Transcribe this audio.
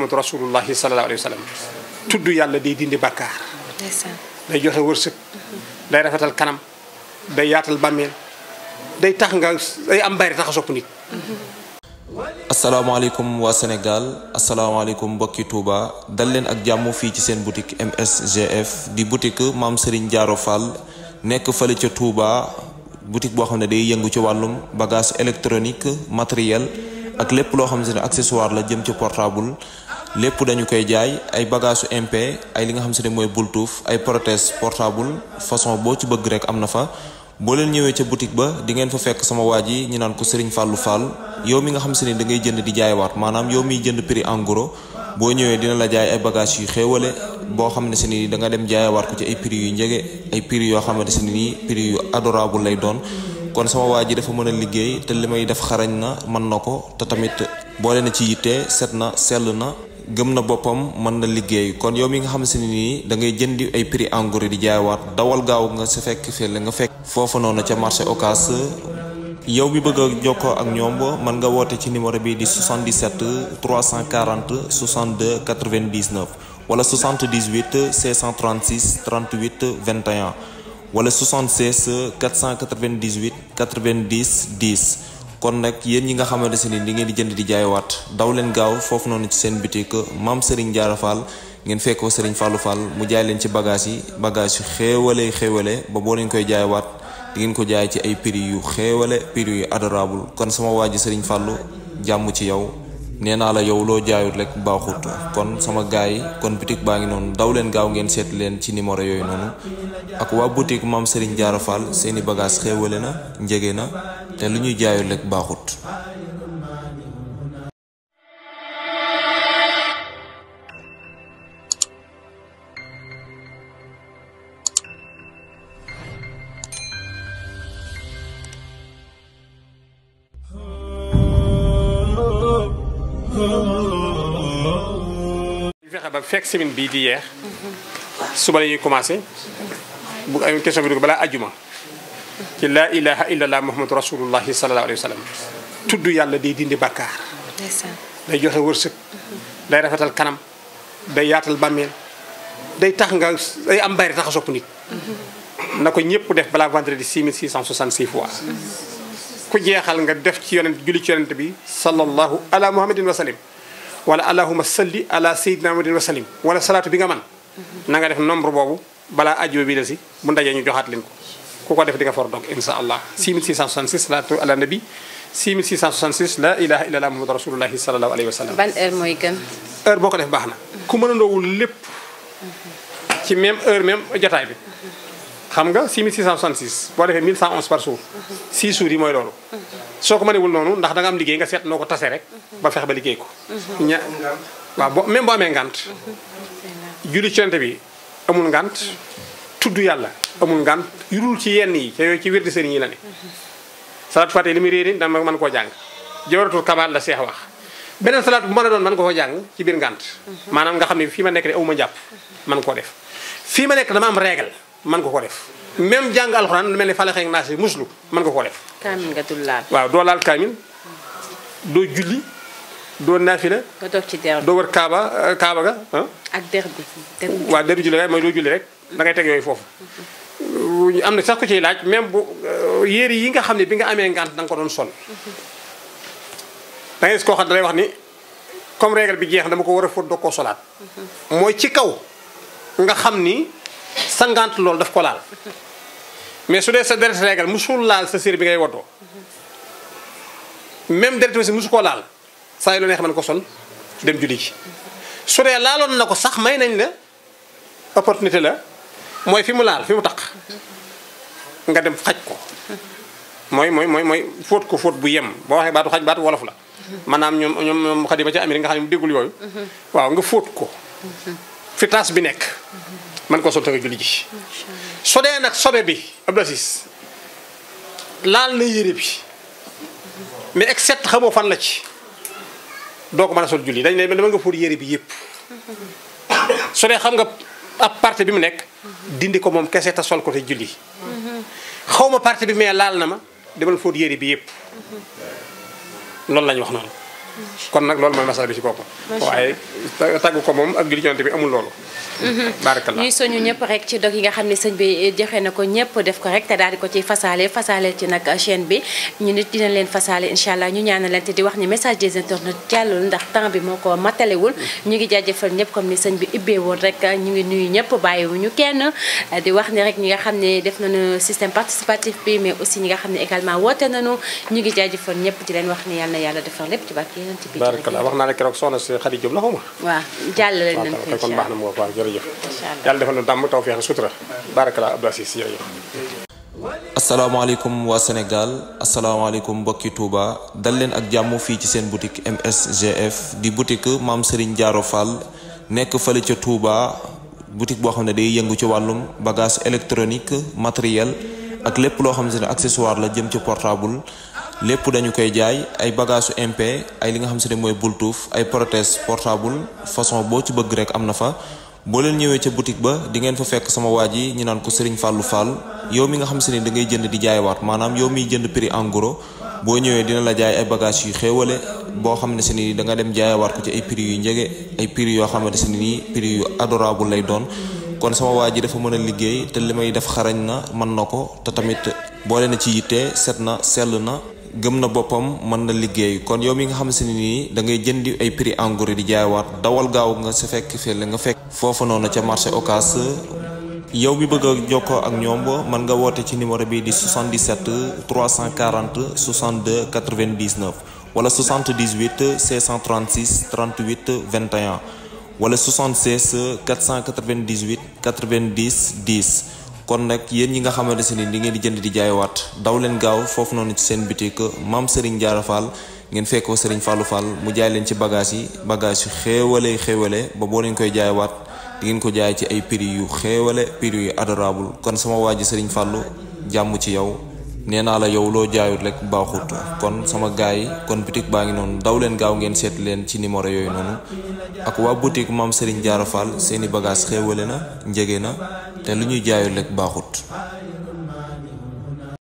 muhammadu rasulullahi sallallahu alayhi wa sallam tudd yàlla day dindi bakkaar day joxe wërsëg day rafetal kanam day yaatal bàmmeel day tax nga day am bari tax sopp nit asalaamaaleykum waa Sénégal asalaamaaleykum mbokki Touba dal leen ak jàmm fii ci seen boutique MSGF di boutique maam Serigne jaaro Fall nekk fële ca tuuba boutique boo xam ne day yëngu ci wàllum bagage électronique matériel ak lépp loo xam ne accessoire la jëm ci portable lépp dañu koy jaay ay bagage su MP ay li nga xam si ne mooy bultuuf ay protège portable façon boo ci bëgg rek am na fa boo leen ñëwee ca boutique ba di ngeen fa fekk sama waa ji ñu naan ko Serigne Fallou Fall yow mi nga xam si ne da ngay jënd di jaaywaat maanaam yow miy jënd prix en gros boo ñëwee dina la jaay ay bagage yu xéewale boo xam ne si ni da nga dem jaayawaat ko ci ay prix yu njege ay prix yoo xamante si ni prix yu adorable lay doon kon sama waa ji dafa mën a liggéey te li def xarañ na mën na ko te tamit boo leen ci yittee set na sell na gëm na boppam mën na liggéey kon yow mi nga xam si ne nii da ngay jëndi ay prix en gros di jaayawaat dawal gaaw nga si fekk fii la nga fekk foofu noonu ca marché ocas yow mi bëgg a jokkoo ak ñoom mën nga woote ci numéro bi di 77 340 62 99 wala 78 636 38 21 wala 76 498 90 10 kon nag yéen ñi nga xamante se ni li ngeen di jënd di jaaywaat daw leen gaaw foofu noonu ci seen boutique maam Serigne Diarra Fall ngeen fekk ko Serigne Fallou Fall mu jaay leen ci bagage yi bagage yu xéewale xéewale ba boo leen koy jaaywaat di ngeen ko jaay ci ay prix yu xéewale prix yu adorable kon sama waa ji Serigne Fallou jàmm ci yow nee naa la yow loo jaayut lekk baaxut kon sama gaay yi kon boutique baa ngi noonu daw leen gaaw ngeen seet leen ci numéro yooyu noonu ak waa boutique maam Serigne Diarra Fall seeni bagage xéewale na njege na te li ñuy jaayu lekk baaxut fekk semaine bii di yeex suba la commencé bu ay question bi dugg balaa ajuma ci laa ilaha illallah muhammadu rasulullahi sallallahu alayhi wa sallam tudd yàlla day dindi bakkaar day joxe wërsëg day rafetal kanam day yaatal bàmmeel day tax nga day am bari tax a sopp nit na ko ñëpp def balaa vendredi 6666 fois ku jeexal nga def ci yonent julli ci yonent bi sallallahu ala muhammadin wa sallim wala allahuma salli ala sayyidina muhammadin wa wala salaatu bi nga man na nga def nombre boobu balaa ajjuma bi la si bu ndajee ñu joxaat leen ko ku ko def di nga for dog insha allah 6666 salaatu ala nabi 6666 la ilaha illa allah muhammadu rasulullahi sallallahu alayhi boo ko def baax na ku mën a ndoowul lépp ci même heure même jotaay bi xam nga 6666 boo defee 1111 par jour 6 jours yi mooy loolu soo ko mënewul noonu ndax danga nga am liggéey nga seet noo ko tase rek ba fex ba liggéey ko. ña waaw bo même boo amee ngant. julli ci bi amul ngant. tudd yàlla amul ngant yurul ci yenn yi te yooyu ci wérdi sëriñ yi la ne. salaatu fàtte li muy réer dama man koo jang, jawaratul gant, la seex wax beneen salaat bu mën a doon mën ko koo jàng ci biir ngant. maanaam nga xam ne ma nekk man koo def fii ma nekk dama am règle man ko ko def. même jàng alxuraan lu mel muslu ko def. nga waaw julli. doo naafila. nga toog ci der doo war Kaaba euh, Kaaba ga. Ah. ak der bi der bi waaw deru julli waaye mooy loo julli rek da ngay teg yooyu foofu. ñu mm-hmm. am na sax ko ciy laaj même bu euh, yére yi nga xam ne bi nga amee ngant da nga ko doon sol. Mm-hmm. da ngay koo xam ne wax ni comme règle bi jeex dama ko war a fóot doo koo solaat. Mm-hmm. mooy ci kaw nga xam ni sa ngant loolu daf ko laal. mais su dee sa deret règle musul laal sa sér bi ngay woto même deret bi si musu koo laal. saa yu la neex mën ko sol dem julli ci su dee laaloon na sax may nañ la opportunité la moy fi mu laal fi mu taq nga dem xaj ko moy moy moy moy fot ko fot bu yem bo waxe batu xaj batu wolof la manam ñom ñom ñoom ci amir nga xam degul yoy waaw nga fot ko fi tas bi nek man ko sol te julli ci su nak sobe bi abdassis laal na yére bi mais set xamoo fan la ci doo ko mën a sol julli dañ ne dama nga fóot yére bi yëpp su dee xam nga ab parti bi mu nekk dindi ko moom kese te sol ko te julli xaw ma parti bi mais laal na ma demal fóot yére bi yëpp loolu lañ wax noonu kon nak loolu moy message bi ci kooku waye tàggu ko mom ak julli yonent bi amul loolu mhm. barakallah ñuy soñu ñëpp rek ci dog yi nga xam señ bi joxe na ko ñëpp def ko rek té daal di ko ci fasalé fasalé ci nak chaîne bi ñu nit dina leen fasalé inshallah ñu ñaanal leen te di wax ni message des internautes jàllul ndax temps bi moko matalé wul ñu ngi jaajëfal ñëpp comme ni señ bi ibé woon rek ñu ngi nuyu ñëpp wuñu kenn di wax ni rek ñi nga xam def nañu système participatif bi mais aussi ñi nga xam également woté nañu ñu ngi jaajëfal ñëpp di leen wax ni yalla yalla defal defar ci barke yeneen ci biir barkala wax naa la keroog soxna si xarit Diop la xaw ma waaw jàll lañ leen ko kon baax na mu waaw jërëjëf yàlla defal na dàmm taw feex sutura barkala Abdou Assis jërëjëf asalaamaaleykum waa Sénégal asalaamaaleykum mbokki Touba dal leen ak jàmm fii ci seen boutique MSGF di boutique maam Serigne Diaro Fall nekk fële ca Touba boutique boo xam ne day yëngu ci wàllum bagage électronique matériel ak lépp loo xam accessoire la jëm ci portable lépp dañu koy jaay ay bagaasu imp ay li nga xam si ne mooy bultuuf ay protège portable façon boo ci bëgg rek am na fa boo leen ñëwee ca boutique ba di fa fekk sama waa ji ñu naan ko Serigne Fallou Fall yow mi nga xam si ne da jënd di jaayawaat maanaam yow miy jënd prix en gros boo dina la jaay ay bagages yu xéewale boo xam ne si ni da nga dem jaayawaat ko ci ay prix yu njege ay prix yoo xamante si ni prix yu adorable lay doon kon sama waa ji dafa mën a liggéey te li def xarañ na mën na ko te tamit boole na ci yitte set na sell na gëm na boppam mën na liggéey kon yow mi nga xam se ne nii da jëndi ay prix en gros di jaayawaat dawal gaaw nga si fekk fii la nga fekk foofa noonu ca marché Ocass yow mi bëgg a jokkoo ak ñoom mën nga woote ci numéro bi di 77 340 62 99 wala 78 636 38 21 wala 76 498 90 10 kon nag yéen yi nga xamante se ni li di jënd di jaaywaat daw leen gaaw foofu noonu ci seen boutique maam Serigne Diarra Fall ngeen fekk ko Serigne mu jaay leen ci bagage yi bagage yu xéewale xéewale ba boo leen koy jaaywaat di ngeen ko jaay ci ay prix yu xéewale prix yu adorable kon sama waa ji Serigne Fallou jàmm ci yow nee naa la yow loo jaayut rek baaxut kon sama gars yi kon boutique baa ngi noonu daw leen gaaw ngeen seet leen ci numéro yooyu noonu ak waa boutique maam Serigne Diarra Fall seeni bagage xéewale na njege na te lu ñuy jaayul lekk baaxut